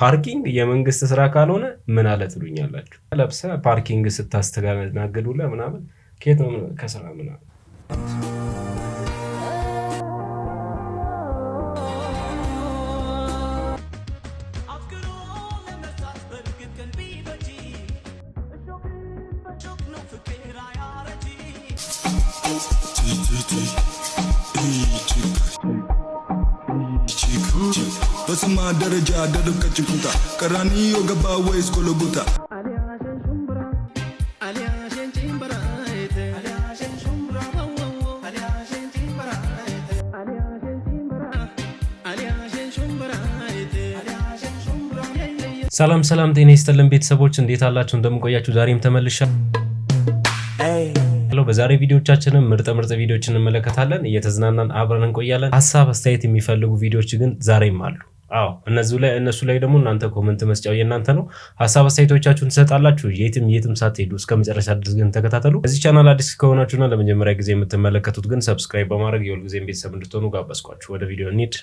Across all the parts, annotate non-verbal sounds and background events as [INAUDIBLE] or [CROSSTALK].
ፓርኪንግ የመንግስት ስራ ካልሆነ ምን አለ ትሉኛላችሁ። ለብሰ ፓርኪንግ ስታስተናግዱለ ምናምን ከየት ነው ከስራ ምናምን ያለችን ቁምጣ ቀራኒዮ ገባ ወይስ ኮሎቡታ ሰላም ሰላም፣ ጤና ይስጥልን ቤተሰቦች እንዴት አላችሁ? እንደምንቆያችሁ ዛሬም ተመልሻ ነው። በዛሬ ቪዲዮቻችንም ምርጥ ምርጥ ቪዲዮችን እንመለከታለን። እየተዝናናን አብረን እንቆያለን። ሀሳብ አስተያየት የሚፈልጉ ቪዲዮች ግን ዛሬም አሉ። አዎ እነዚሁ ላይ እነሱ ላይ ደግሞ እናንተ ኮመንት መስጫው የእናንተ ነው። ሀሳብ አስተያየቶቻችሁን ትሰጣላችሁ። የትም የትም ሳትሄዱ እስከ መጨረሻ ድረስ ግን ተከታተሉ። በዚህ ቻናል አዲስ ከሆናችሁና ለመጀመሪያ ጊዜ የምትመለከቱት ግን ሰብስክራይብ በማድረግ የሁልጊዜም ቤተሰብ እንድትሆኑ ጋበዝኳችሁ። ወደ ቪዲዮ እንሂድ።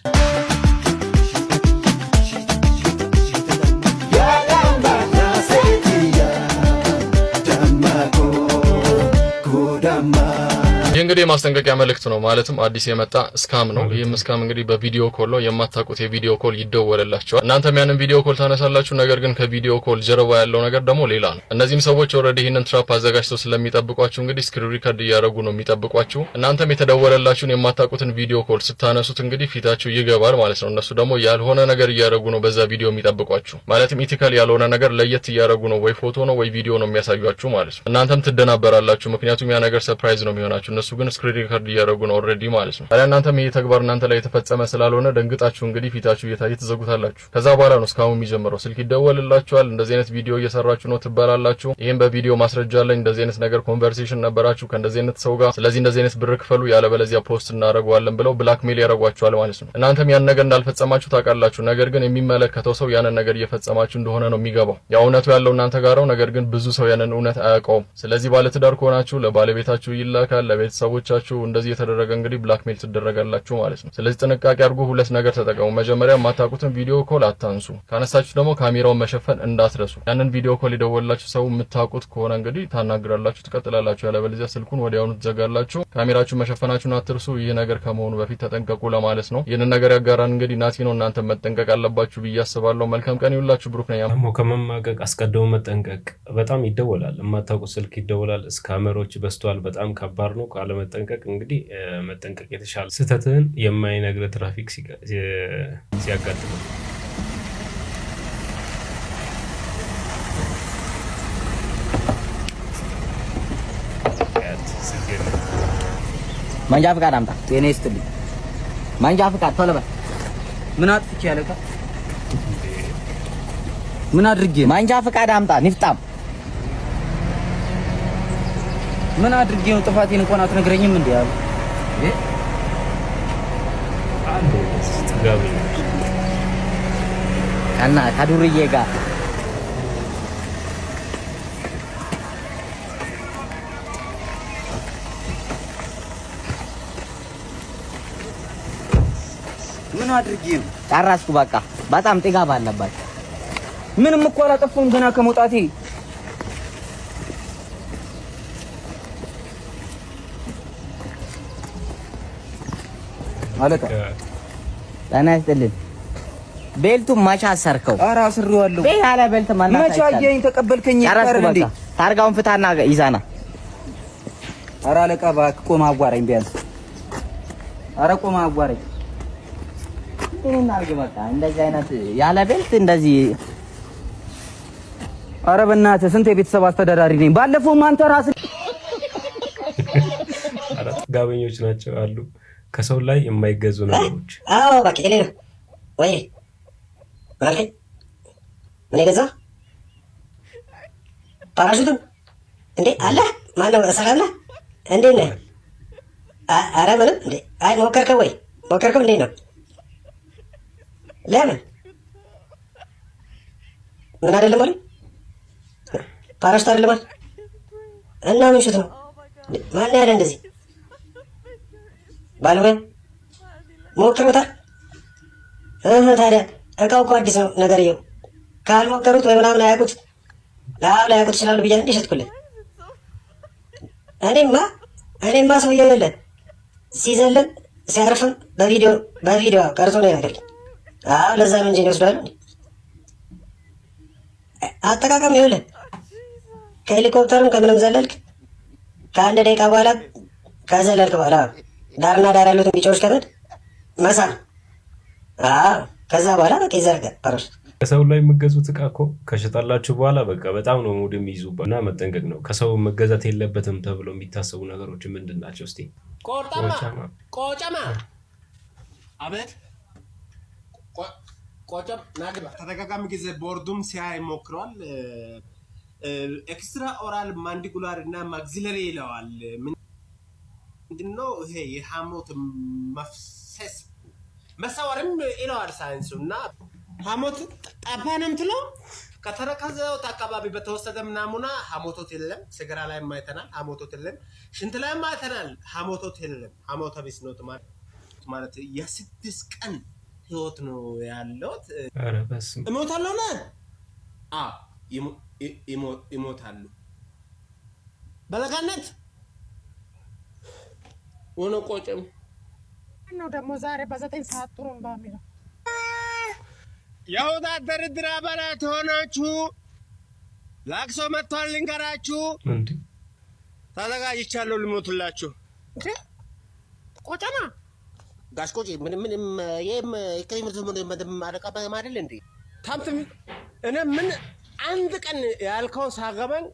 እንግዲህ የማስጠንቀቂያ መልእክት ነው። ማለትም አዲስ የመጣ እስካም ነው። ይህም እስካም እንግዲህ በቪዲዮ ኮል ነው። የማታውቁት የቪዲዮ ኮል ይደወልላቸዋል። እናንተም ያንን ቪዲዮ ኮል ታነሳላችሁ። ነገር ግን ከቪዲዮ ኮል ጀርባ ያለው ነገር ደግሞ ሌላ ነው። እነዚህም ሰዎች ኦልሬዲ ይህንን ትራፕ አዘጋጅተው ስለሚጠብቋችሁ እንግዲህ ስክሪን ሪከርድ እያደረጉ ነው የሚጠብቋችሁ። እናንተም የተደወለላችሁን የማታውቁትን ቪዲዮ ኮል ስታነሱት እንግዲህ ፊታችሁ ይገባል ማለት ነው። እነሱ ደግሞ ያልሆነ ነገር እያደረጉ ነው በዛ ቪዲዮ የሚጠብቋችሁ። ማለትም ኢቲካል ያልሆነ ነገር ለየት እያደረጉ ነው፣ ወይ ፎቶ ነው ወይ ቪዲዮ ነው የሚያሳዩችሁ ማለት ነው። እናንተም ትደናበራላችሁ፣ ምክንያቱም ያ ነገር ሰርፕራይዝ ነው የሚሆናችሁ እነሱ ግን ስክሪን ሪከርድ እያደረጉ ነው ኦልሬዲ ማለት ነው። ታዲያ እናንተም ይሄ ተግባር እናንተ ላይ የተፈጸመ ስላልሆነ ደንግጣችሁ እንግዲህ ፊታችሁ እየታየ ትዘጉታላችሁ። ከዛ በኋላ ነው እስካሁን የሚጀምረው። ስልክ ይደወልላችኋል። እንደዚህ አይነት ቪዲዮ እየሰራችሁ ነው ትባላላችሁ። ይህም በቪዲዮ ማስረጃ አለኝ፣ እንደዚህ አይነት ነገር ኮንቨርሴሽን ነበራችሁ ከእንደዚህ አይነት ሰው ጋር፣ ስለዚህ እንደዚህ አይነት ብር ክፈሉ፣ ያለበለዚያ ፖስት እናደርገዋለን ብለው ብላክሜል ያደርጓችኋል ማለት ነው። እናንተም ያን ነገር እንዳልፈጸማችሁ ታውቃላችሁ። ነገር ግን የሚመለከተው ሰው ያንን ነገር እየፈጸማችሁ እንደሆነ ነው የሚገባው። ያው እውነቱ ያለው እናንተ ጋር ነው። ነገር ግን ብዙ ሰው ያንን እውነት አያውቀውም። ስለዚህ ባለትዳር ከሆናችሁ ለባለቤታችሁ ይላካል፣ ለቤተሰቡ ቤተሰቦቻችሁ እንደዚህ የተደረገ እንግዲህ ብላክሜል ትደረጋላችሁ ማለት ነው። ስለዚህ ጥንቃቄ አድርጉ። ሁለት ነገር ተጠቀሙ። መጀመሪያ የማታውቁትን ቪዲዮ ኮል አታንሱ። ካነሳችሁ ደግሞ ካሜራውን መሸፈን እንዳትረሱ። ያንን ቪዲዮ ኮል የደወላችሁ ሰው የምታውቁት ከሆነ እንግዲህ ታናግራላችሁ፣ ትቀጥላላችሁ። ያለበለዚያ ስልኩን ወዲያውኑ ትዘጋላችሁ። ካሜራችሁ መሸፈናችሁን አትርሱ። ይህ ነገር ከመሆኑ በፊት ተጠንቀቁ ለማለት ነው። ይህንን ነገር ያጋራን እንግዲህ ናቲ ነው። እናንተ መጠንቀቅ አለባችሁ ብዬ አስባለሁ። መልካም ቀን ይውላችሁ። ብሩክ ነኝ። ከመማቀቅ አስቀድሞ መጠንቀቅ። በጣም ይደወላል፣ የማታውቁት ስልክ ይደወላል። እስካመሮች በስተዋል። በጣም ከባድ ነው። ለመጠንቀቅ እንግዲህ መጠንቀቅ የተሻለ ስህተትህን የማይነግረ ትራፊክ ሲያጋጥመ መንጃ ፍቃድ አምጣ። ጤና ይስጥልኝ። መንጃ ፍቃድ ቶሎ በል። ምን አጥፍቼ ያለቃ ምን አድርጌ? መንጃ ፍቃድ አምጣ። ንፍጣም ምን አድርጌ ነው ጥፋቴን እንኳን አትነግረኝም እንዴ? አሉ እና ከዱርዬ ጋር ምን አድርጌ ነው ጨረስኩ። በቃ በጣም ጥጋብ አለባት? ምንም እኮ አላጠፋሁም ገና ከመውጣቴ ማለት ጤና ይስጥልን። ቤልቱን አሰርከው? ኧረ አስሬዋለሁ። ቤት አለ ቤልት አየኸኝ ተቀበልከኝ? እንዴ? ታርጋውን ፍታና ይዛና። ኧረ አለቃ እባክህ አዋራኝ ቢያንስ። ኧረ አዋራኝ። አረ በእናትህ ስንት የቤተሰብ አስተዳዳሪ ነኝ። ባለፈው አንተ ራስህ ጋበኞች ናቸው አሉ። ከሰው ላይ የማይገዙ ነገሮች። አዎ በቃ የሌለ ወይ ማለት ምን ገዛ ፓራሹትም እንዴ አለ ማነው? አለ እንዴ ነ አረ ምንም እንዴ። አይ ሞከርከው ወይ ሞከርከው? እንዴ ነው ለምን ምን አይደለም አለ ፓራሹት አይደለም እና ምን ሹት ነው ማን ያለ እንደዚህ ባለሆን ሞክሩታል። እህ ታዲያ እቃው እኮ አዲስ ነው። ነገር ነገርየው ካልሞከሩት ወይ ምናምን አያውቁት ለአብ ላያውቁት ይችላሉ ብያ እንዲ ሸጥኩልን። እኔማ እኔማ ሰው የለን ሲዘለን ሲያርፍም በቪዲዮ በቪዲዮ ቀርጾ ነው የነገረኝ። አዎ ለዛ ነው እንጂ ይወስዳሉ። አጠቃቀም ይኸውልህ ከሄሊኮፕተርም ከምንም ዘለልክ ከአንድ ደቂቃ በኋላ ከዘለልክ በኋላ ዳርና ዳር ያሉትን ቢጫዎች ከረድ መሳል። ከዛ በኋላ በቃ ይዘርጋል። ፓራሹት ከሰው ላይ የምገዙት እቃ እኮ ከሸጣላችሁ በኋላ በቃ በጣም ነው ሙድ የሚይዙበት እና መጠንቀቅ ነው። ከሰው መገዛት የለበትም ተብሎ የሚታሰቡ ነገሮች ምንድን ናቸው? እስኪ ቆጨማ አቤት ናግባ ተደጋጋሚ ጊዜ ቦርዱም ሲያይ ሞክሯል። ኤክስትራ ኦራል ማንዲጉላር እና ማግዚለሪ ይለዋል። ምንድነው ይሄ የሐሞት መፍሰስ መሰወርም ይለዋል ሳይንሱ እና ሐሞት ጠባ ነው የምትለው ከተረከዘውት አካባቢ በተወሰደ ምናሙና ሐሞቶት የለም። ስግራ ላይ ማይተናል ሐሞቶት የለም። ሽንት ላይ ማይተናል ሐሞቶት የለም። ሐሞተ ቢስ ነው ማለት የስድስት ቀን ህይወት ነው ያለውት። እሞታለሁ ነ ይሞታሉ በለጋነት ሆኖ ቆጭም ነው ደግሞ ዛሬ በዘጠኝ ሰዓት ጥሩ ነው የሚለው የወጣት ድርድር አባላት ሆናችሁ ላክሶ መጥቷል። ልንገራችሁ ተዘጋጅቻለሁ። ልሞቱላችሁ ቆጨማ ጋሽ ቆጭ ምን ምን ይህም ቅሪምርት ማለቃበም አይደል እንዴ ታምትም እኔ ምን አንድ ቀን ያልከው ሳገበን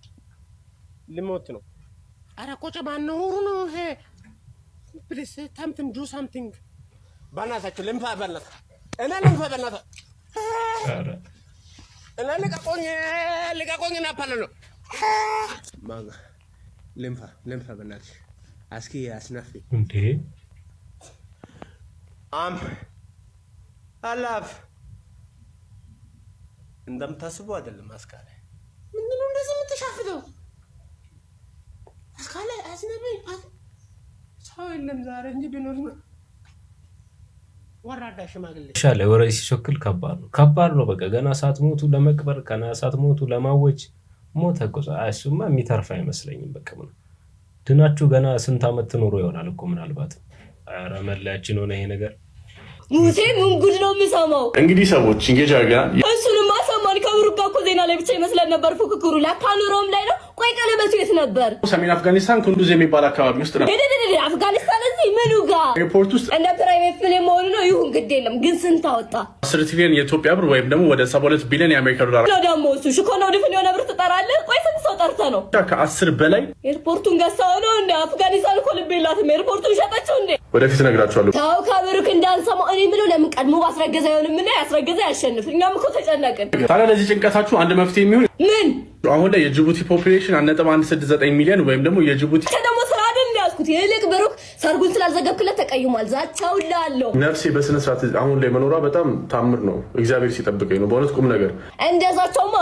ልሞት ነው። አረ ቆጨማ ነውሩ ነው ይሄ ፕሊስ ታምትም ዱ ሳምቲንግ በእናታችሁ ልንፋ በእናታ እኔ ልንፋ በእናታ እኔ ልቀቆኝ ልቀቆኝ ናፓለ ነው ማጋ ልንፋ ልንፋ በእናትሽ አስኪ አስነፊ እንዴ አም አላፍ እንደምታስቡ አይደለም። አስካለ ምንድነው እንደዚህ የምትሻፍተው? አስካለ አዝነብኝ ሰው የለም ዛሬ እንጂ ቢኖር ወራዳ ሽማግሌ ሻለ ወረ ሲሾክል ከባድ ነው፣ ከባድ ነው። በቃ ገና ሞቱ ለመቅበር ከና ገና ሞቱ ለማወጅ ሞተ እኮ እሱማ የሚተርፍ አይመስለኝም። በቃ ምነው ድናችሁ ገና ስንት ዓመት ትኖሩ ይሆናል እኮ ምናልባት። ኧረ መለያችን ሆነ ይሄ ነገር ሙሴ ምን ጉድ ነው የምሰማው? እንግዲህ ሰዎች እንጌጅ አርጋ እሱንማ ሰማን። ከብሩጋ እኮ ዜና ላይ ብቻ ይመስለን ነበር ፉክክሩ። ላካ ኑሮም ላይ ነው። ቆይ ቀለበቱ የት ነበር? ሰሜን አፍጋኒስታን ኩንዱዝ የሚባል አካባቢ ውስጥ ነበር። አፍጋኒስታን እዚህ ምኑ ጋ ኤርፖርት ውስጥ እንደ ፕራይቬት ፊልም መሆኑ ነው። ይሁን ግድ የለም ግን ስንት አወጣ? አስር ትሪሊዮን የኢትዮጵያ ብር ወይም ደግሞ ወደ ሰባ ሁለት ቢሊዮን የአሜሪካ ዶላር ነው። ደግሞ እሱ ሽኮ ነው ድፍን የሆነ ብር ትጠራለህ። ቆይ ስንት ሰው ጠርተህ ነው? ከአስር በላይ ኤርፖርቱን ገሳ ነው እንደ አፍጋኒስታን እኮ ልብ የላትም። ኤርፖርቱን ሸጠችው እንዴ? ወደፊት እነግራቸዋለሁ። ታው ከብሩክ እንዳንሰማው እኔ ምለው ለምን ቀድሞ ባስረገዘ አይሆንም? ምን ያስረገዘ ያሸንፍ። እኛም እኮ ተጨነቅን። ታዲያ ለዚህ ጭንቀታችሁ አንድ መፍትሄ የሚሆን ምን? አሁን ላይ የጅቡቲ ፖፕሌሽን አንድ ነጥብ አንድ ስድስት ዘጠኝ ሚሊዮን ወይም ደግሞ የጅቡቲ ያልኩት። ይልቅ ብሩክ ሰርጉን ስላልዘገብክለት ተቀይሟል። ዛቻው ላለው ነፍሴ በስነ ስርዓት አሁን ላይ መኖሯ በጣም ታምር ነው። እግዚአብሔር ሲጠብቀኝ ነው በእውነት ቁም ነገር። እንደ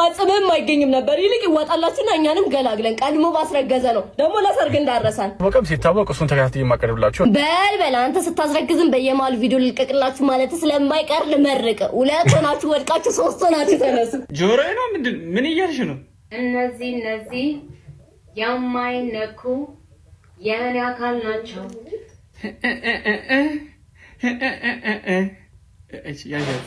አጽምም አይገኝም ነበር። ይልቅ ይዋጣላችሁና እኛንም ገላግለን ቀድሞ ባስረገዘ ነው ደግሞ ለሰርግ እንዳረሳን ወቀም ሲታወቅ እሱን ተከታት የማቀርብላችሁ በል በል አንተ ስታስረግዝም በየማሉ ቪዲዮ ልቀቅላችሁ ማለት ስለማይቀር ልመርቅ። ሁለት ሆናችሁ ወድቃችሁ ሶስት ሆናችሁ ተነሱ። ጆሮ ነው ምንድን ምን እያልሽ ነው? እነዚህ እነዚህ የማይነኩ የእኔ አካል ናቸው። ያዣት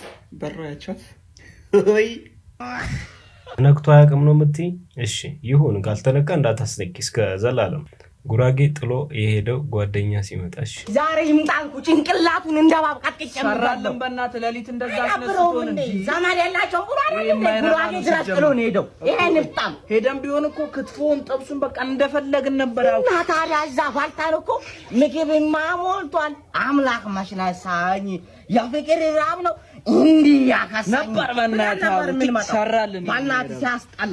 ነክቶ አያውቅም ነው የምትይ? እሺ ይሁን፣ ካልተነካ እንዳታስነቂ እስከ ዘላለም ጉራጌ ጥሎ የሄደው ጓደኛ ሲመጣሽ ዛሬ ይምጣንኩ ጭንቅላቱን እንደ እባብ ቀጥቅጬ እምራለሁ። በእናትህ ሌሊት እንደዛ አስነስቶን እንጂ ዘመድ የላቸውም። ጉራጌ ድረስ ጥሎ ነው ሄደው። ይሄን እብጣም ሄደን ቢሆን እኮ ክትፎውን ጠብሱን በቃ እንደፈለግን ነበር። እና ታዲያ እዛ ፋልታን እኮ ምግብማ ሞልቷል። አምላክ ሳኝ የፍቅር ራብ ነው እንዲህ ያካሳኝ ነበር። በእናትህ ሰራልን። በእናትህ ሲያስጠላ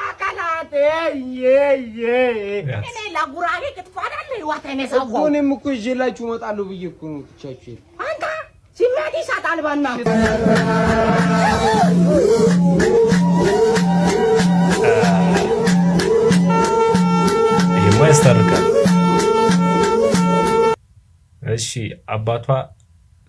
እኔም እኮ ይዤላችሁ እመጣለሁ ብዬ እኮ ነው ትቻችሁ አንተ ሲመት ይሳት አልባና ይሄማ ያስታርቃል። እሺ አባቷ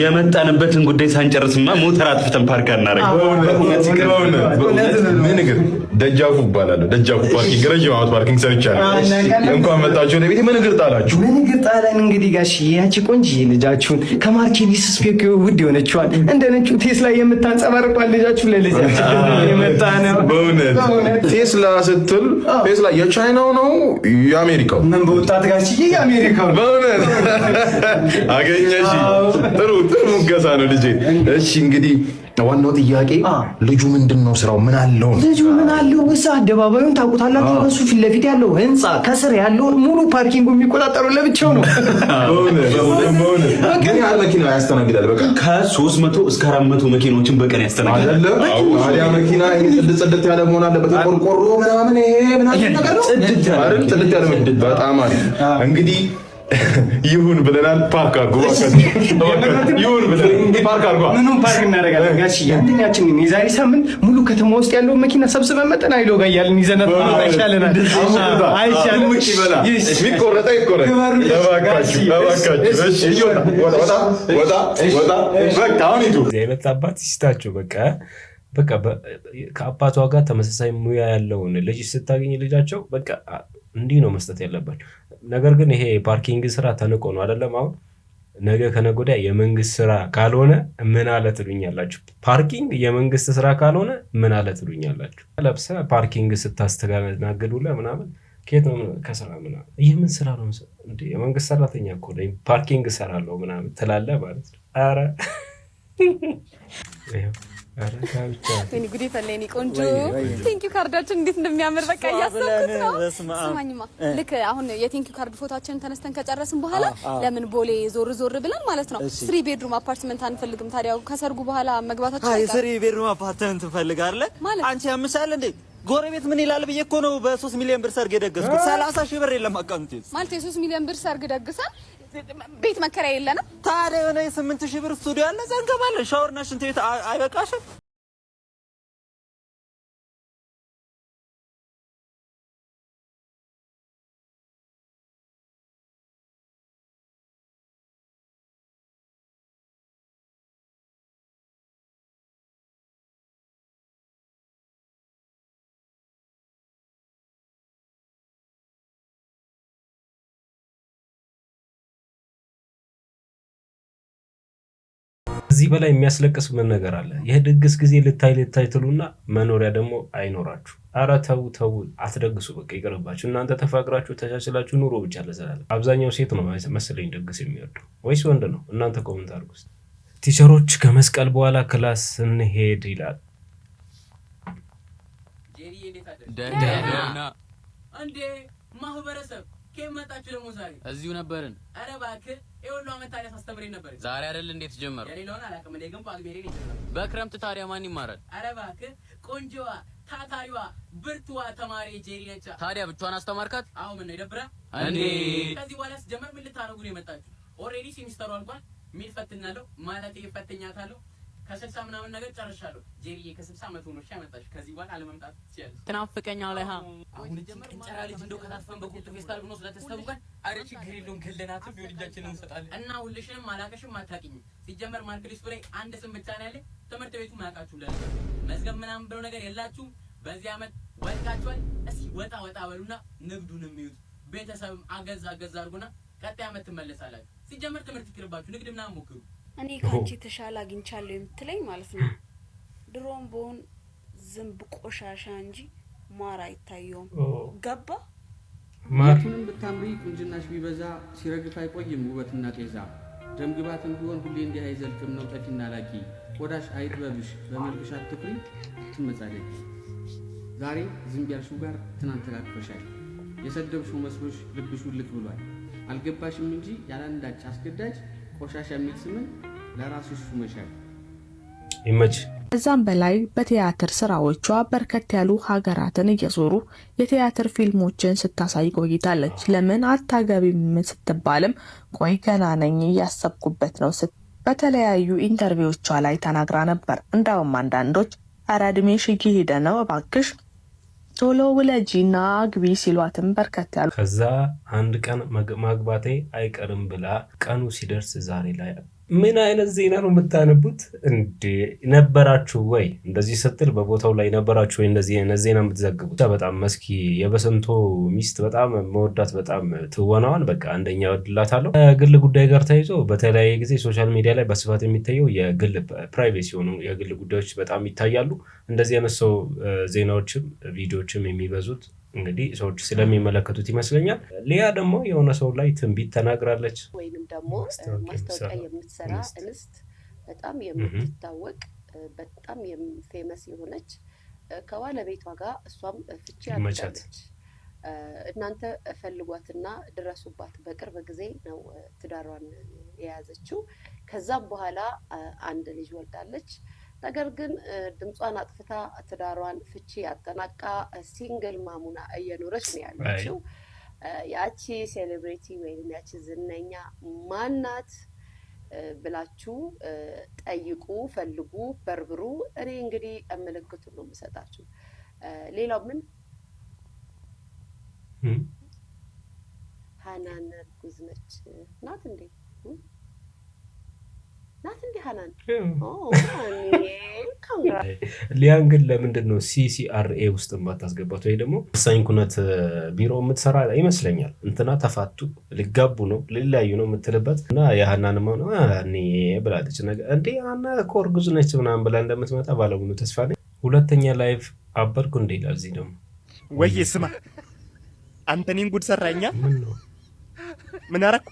የመጣንበትን ጉዳይ ሳንጨርስማ ሞተር አጥፍተን ፓርክ አናደርግም። ደጃፉ እባላለሁ። ደጃፉ ፓርኪንግ ረጅም ዓመት ፓርኪንግ ሰርቻለሁ። እንኳን መጣችሁ ምን እግር ጣላችሁ? ምን እግር ጣለን? እንግዲህ ጋሽዬ ያቺ ልጃችሁን ከማርኬዲስ ስፔክ ውድ የሆነችዋል እንደ ነጩ ቴስላ የምታንጸባርቋል ልጃችሁ ለልጃችሁ የመጣ ነው። በእውነት ቴስላ ስትል ፌስ የቻይናው ነው የአሜሪካው ምን በወጣት ጋር ችዬ የአሜሪካው በእውነት [LAUGHS] አገኘሽ። ጥሩ ጥሩ ሙገሳ ነው ልጄ። እሺ እንግዲህ ዋናው ጥያቄ ልጁ ምንድን ነው ስራው? ምን አለው? ልጁ ምን አለው? እዛ አደባባዩን ታውቁታላችሁ። እሱ ፊት ለፊት ያለው ህንፃ ከስር ያለውን ሙሉ ፓርኪንጉ የሚቆጣጠሩ ለብቻው ነው። ግን ያህል መኪና ያስተናግዳል። በቃ ከሶስት መቶ እስከ አራት መቶ መኪናዎችን በቀን ያስተናግዳል። ታዲያ መኪና ጽድት ያለ መሆን አለበት። ቆርቆሮ ምናምን ይሄ ምናምን ነገር ነው። ጽድት ያለ በጣም አሪፍ እንግዲህ [LAUGHS] ይሁን ብለናል። ፓርክ አድርጎ ይሁን ብለናል። ፓርክ ፓርክ አንደኛችን የዛሬ ሳምንት ሙሉ ከተማ ውስጥ ያለውን መኪና ሰብስበን መጠን አይሎ ጋር ያለን ይዘናት አይሻለናል? ይቆረጥ። አባት ይስጣቸው። በቃ በቃ ከአባቷ ጋር ተመሳሳይ ሙያ ያለውን ልጅ ስታገኝ ልጃቸው በቃ እንዲህ ነው መስጠት ያለባቸው። ነገር ግን ይሄ የፓርኪንግ ስራ ተንቆ ነው አይደለም። አሁን ነገ ከነገ ወዲያ የመንግስት ስራ ካልሆነ ምን አለ ትሉኛላችሁ? ፓርኪንግ የመንግስት ስራ ካልሆነ ምን አለ ትሉኛላችሁ? ለብሰ ፓርኪንግ ስታስተናግድ ውለህ ምናምን ከየት ነው ከስራ ምናምን ምን ስራ ነው እንደ የመንግስት ሰራተኛ እኮ ነኝ ፓርኪንግ እሰራለሁ ምናምን ትላለህ ማለት ነው። ኧረ ወይኔ ጉዴ ፈላ የእኔ ቆንጆ ቴንኪው ካርዳችን እንዴት እንደሚያምር በቃ እያሰብኩት ነው። ስማኝማ ልክ አሁን የቴንኪው ካርድ ፎታችንን ተነስተን ከጨረስን በኋላ ለምን ቦሌ ዞር ዞር ብለን ማለት ነው ስሪ ቤድሩም አፓርትመንት አንፈልግም? ታዲያ ከሰርጉ በኋላ መግባታችን አይ ስሪ ቤድሩም አፓርትመንት እንፈልግ አይደለ? አንቺ ያምሻል እንዴ? ጎረቤት ምን ይላል ብዬ እኮ ነው በ3 ሚሊዮን ብር ሰርግ የደገስኩት። 30 ሺህ ብር የለም አካውንቴ ማለት የ ሚሊዮን ብር ሰርግ ደግሰን ቤት መከራ የለንም። ታዲያ የሆነ የስምንት ሺህ ብር ስቱዲዮ አለ ዘንገባለን። ሻወርና ሽንት ቤት አይበቃሽም? ከዚህ በላይ የሚያስለቅስ ምን ነገር አለ? የድግስ ጊዜ ልታይ ልታይ ትሉና መኖሪያ ደግሞ አይኖራችሁ። አረ ተው ተው፣ አትደግሱ። በቃ ይቅርባችሁ። እናንተ ተፋቅራችሁ ተቻችላችሁ ኑሮ ብቻ ለዘላለም። አብዛኛው ሴት ነው መሰለኝ ድግስ የሚወዱ ወይስ ወንድ ነው? እናንተ ኮመንት አድርጉ። ቲቸሮች ከመስቀል በኋላ ክላስ ስንሄድ ይላል። ማህበረሰብ ከመጣችሁ ደግሞ ዛሬ እዚሁ ነበርን። አረ እባክህ የሁሉ ዛሬ አይደል እንዴት በክረምት ታዲያ ማን ይማራል? ኧረ እባክህ ቆንጆዋ፣ ታታሪዋ፣ ብርቱዋ ተማሪ ጄሪ ነቻ። ታዲያ ብቻዋን አስተማርካት? አዎ። ምን ነው እንዴ? ከዚህ በኋላ ስጀመር ምን ልታረጉ ነው የመጣችሁ? ኦልሬዲ ሴሚስተሩ አልቋል። ሚል ፈትኛለሁ ማለት ይፈትኛታለሁ ከስልሳ ምናምን ነገር ጨርሻለሁ። ጄሪዬ ከስልሳ መቶ ነው ያመጣሽ። ከዚህ በኋላ አለመምጣት ትችያለሽ። ትናፍቀኛ ላይ አሁን ጀመር ልጅ እንደው ከታፈን በቁርጥ ፌስታል ብኖ ስለተሰቡ ቀን አረ ችግር የለውም ክልናትም ቢሆን እጃችንን እንሰጣለን እና ሁልሽንም አላቀሽም አታውቂኝም። ሲጀመር ማርክ ሊስቱ ላይ አንድ ስም ብቻ ነው ያለ። ትምህርት ቤቱ ማያውቃችሁ ለነ መዝገብ ምናምን ብለው ነገር የላችሁም። በዚህ አመት ወድቃችኋል። እስኪ ወጣ ወጣ በሉና ንግዱንም ይዩት። ቤተሰብም አገዛ አገዛ አድርጎና ቀጣይ አመት ትመለሳላችሁ። ሲጀመር ትምህርት ይቅርባችሁ፣ ንግድ ምናምን ሞክሩ። እኔ ከአንቺ የተሻለ አግኝቻለሁ የምትለኝ ማለት ነው። ድሮም በሆን ዝንብ ቆሻሻ እንጂ ማር አይታየውም። ገባ ማቱንም ብታምሪ ቁንጅናሽ ቢበዛ ሲረግፍ አይቆይም ውበትና ጤዛ። ደም ግባትም ቢሆን ሁሌ እንዲህ አይዘልቅም ነው ጠፊና ላኪ። ቆዳሽ አይጥበብሽ በመልክሽ አትኩሪ ትመጻለች ዛሬ ዝንብ ያልሽው ጋር ትናንት ተቃቅፈሻል። የሰደብሽው መስሎሽ ልብሹ ልክ ብሏል። አልገባሽም እንጂ ያላንዳች አስገዳጅ ቆሻሻ የሚል ስምን ለራሱ ይመች። ከዛም በላይ በቲያትር ስራዎቿ በርከት ያሉ ሀገራትን እየዞሩ የቲያትር ፊልሞችን ስታሳይ ቆይታለች። ለምን አታገቢም ስትባልም ቆይ ገና ነኝ እያሰብኩበት ነው ስት በተለያዩ ኢንተርቪዎቿ ላይ ተናግራ ነበር። እንዳውም አንዳንዶች ኧረ ዕድሜሽ እየሄደ ነው እባክሽ ቶሎ ውለጂና አግቢ ሲሏትም በርከት ያሉ ከዛ አንድ ቀን ማግባቴ አይቀርም ብላ ቀኑ ሲደርስ ዛሬ ላይ ምን አይነት ዜና ነው የምታነቡት እንዴ? ነበራችሁ ወይ እንደዚህ ስትል በቦታው ላይ ነበራችሁ ወይ እንደዚህ አይነት ዜና የምትዘግቡት? በጣም መስኪ የበሰንቶ ሚስት በጣም መወዳት በጣም ትወናዋን በቃ አንደኛ ወድላታለሁ። ከግል ጉዳይ ጋር ተይዞ በተለያየ ጊዜ ሶሻል ሚዲያ ላይ በስፋት የሚታየው የግል ፕራይቬሲ የሆኑ የግል ጉዳዮች በጣም ይታያሉ። እንደዚህ አይነት ሰው ዜናዎችም ቪዲዮዎችም የሚበዙት እንግዲህ ሰዎች ስለሚመለከቱት ይመስለኛል። ሊያ ደግሞ የሆነ ሰው ላይ ትንቢት ተናግራለች፣ ወይንም ደግሞ ማስታወቂያ የምትሰራ እንስት በጣም የምትታወቅ በጣም ፌመስ የሆነች ከባለቤቷ ጋር እሷም ፍቺ አድርጋለች። እናንተ ፈልጓትና ድረሱባት። በቅርብ ጊዜ ነው ትዳሯን የያዘችው። ከዛም በኋላ አንድ ልጅ ወልዳለች። ነገር ግን ድምጿን አጥፍታ ትዳሯን ፍቺ ያጠናቃ ሲንግል ማሙና እየኖረች ነው ያለችው። ያቺ ሴሌብሬቲ ወይም ያቺ ዝነኛ ማናት ብላችሁ ጠይቁ፣ ፈልጉ፣ በርብሩ። እኔ እንግዲህ ምልክቱን ነው የምሰጣችሁ። ሌላው ምን ሀናን እርጉዝ ነች ናት እንዴ? ናት እንዲህ አላን ሊያን ግን ለምንድን ነው ሲሲአርኤ ውስጥ የማታስገባት? ወይ ደግሞ ወሳኝ ኩነት ቢሮ የምትሰራ ይመስለኛል። እንትና ተፋቱ ሊጋቡ ነው ሊለያዩ ነው የምትልበት እና የሀናን ሆነ ብላለች ነገ እንዲ ሀና እኮ እርጉዝ ነች ምናምን ብላ እንደምትመጣ ባለሙሉ ተስፋ ነኝ። ሁለተኛ ላይቭ አበርኩ እንደ ይላል። እዚህ ደግሞ ወይ ስማ አንተ እኔን ጉድ ሰራኛ። ምን አደረኩ?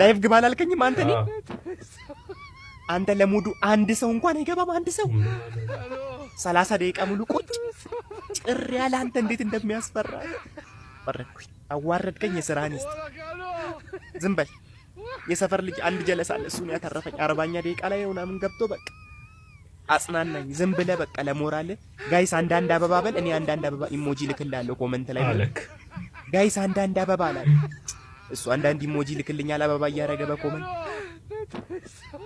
ላይቭ ግባ አላልከኝም አንተ እኔን አንተ ለሙዱ አንድ ሰው እንኳን አይገባም። አንድ ሰው ሰላሳ ደቂቃ ሙሉ ቁጭ ጭር ያለ አንተ እንዴት እንደሚያስፈራ ወረድኩኝ። አዋረድከኝ። የስራህን ይስጥ። ዝም በል። የሰፈር ልጅ አንድ ጀለሳል። እሱን ያተረፈኝ አርባኛ ደቂቃ ላይ ምናምን ገብቶ በቃ አጽናናኝ። ዝም ብለህ በቃ ለሞራል ጋይስ አንዳንድ አበባ በል። እኔ አንዳንድ አበባ ኢሞጂ ልክልሃለሁ ኮመንት ላይ ጋይስ አንዳንድ አበባ ላል እሱ አንዳንድ ኢሞጂ ልክልኛል አበባ እያደረገ በኮመንት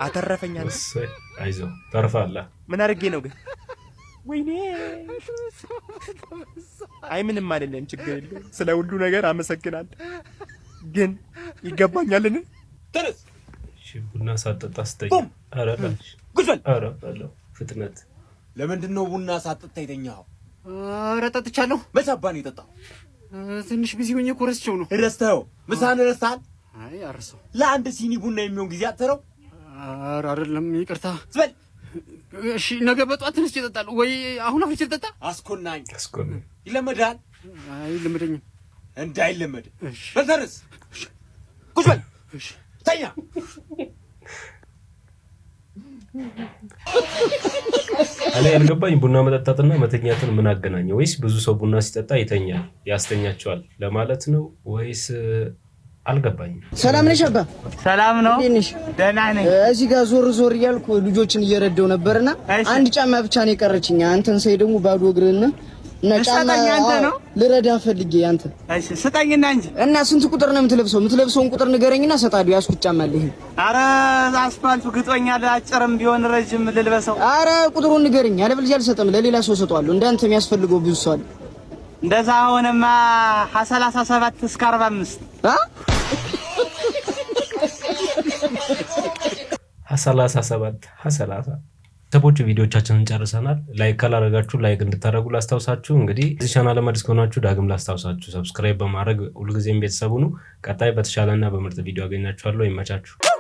አተረፈኛ። አይዞህ ተርፋለህ። ምን አድርጌ ነው ግን? ወይኔ አይ ምንም አይደለም፣ ችግር የለም። ስለ ሁሉ ነገር አመሰግናል። ግን ይገባኛልን? ተነስ። ቡና ሳጠጣ ስተኛ። ኧረ በልሽ፣ ኧረ ፍጥነት። ለምንድን ነው ቡና ሳጠጣ የተኛኸው? ኧረ ጠጥቻለሁ። መች አባ ነው የጠጣው? ትንሽ ቢዚ ሆኜ እኮ ረስቼው ነው። ረስተኸው? ምሳን ረስተሃል? አይ አረሳሁ። ለአንድ ሲኒ ቡና የሚሆን ጊዜ አጥተረው ኧረ አይደለም፣ ይቅርታ ዝበል። እሺ፣ ነገ በጧት ትንሽ ይጠጣል ወይ? አሁን አፍልቼ ልጠጣ። አስኮናኝ አስኮናኝ። ይለመዳል። አይለመደኝም። እንዳይለመድ በል፣ ቁጭ በል፣ ተኛ። እኔ ያልገባኝ ቡና መጠጣትና መተኛትን ምን አገናኘ? ወይስ ብዙ ሰው ቡና ሲጠጣ ይተኛል፣ ያስተኛቸዋል ለማለት ነው ወይስ አልገባኝም። ሰላም ነሽ አባ? ሰላም ነው። ደህና ነኝ። እዚህ ጋር ዞር ዞር እያልኩ ልጆችን እየረዳው ነበርና አንድ ጫማ ብቻ ነው የቀረችኝ። አንተን ሳይ ደግሞ ባዶ እግርህን እና ጫማ ነው ልረዳ ፈልጌ አንተ እሺ ስጠኝና እንጂ እና ስንት ቁጥር ነው የምትለብሰው? የምትለብሰውን ቁጥር ንገረኝና እሰጣለሁ። ያስኩት ጫማ አለ። ይሄ አረ አስፋልቱ ግጦኛል። አጭርም ቢሆን ረጅም ልልበሰው። አረ ቁጥሩን ንገረኝ፣ አለበለዚያ አልሰጥም። ለሌላ ሰው እሰጠዋለሁ። እንዳንተ የሚያስፈልገው ብዙ ሰው አለ። እንደዛ አሁንማ 37 እስከ 45 አ ሀሰላሳ ሰባት ሀሰላሳ ሰቦች ቪዲዮቻችንን ጨርሰናል። ላይክ ካላረጋችሁ ላይክ እንድታደረጉ ላስታውሳችሁ። እንግዲህ እዚህ ቻናል አዲስ ከሆናችሁ ዳግም ላስታውሳችሁ፣ ሰብስክራይብ በማድረግ ሁልጊዜም ቤተሰቡ ነው። ቀጣይ በተሻለና በምርጥ ቪዲዮ አገኛችኋለሁ። ይመቻችሁ።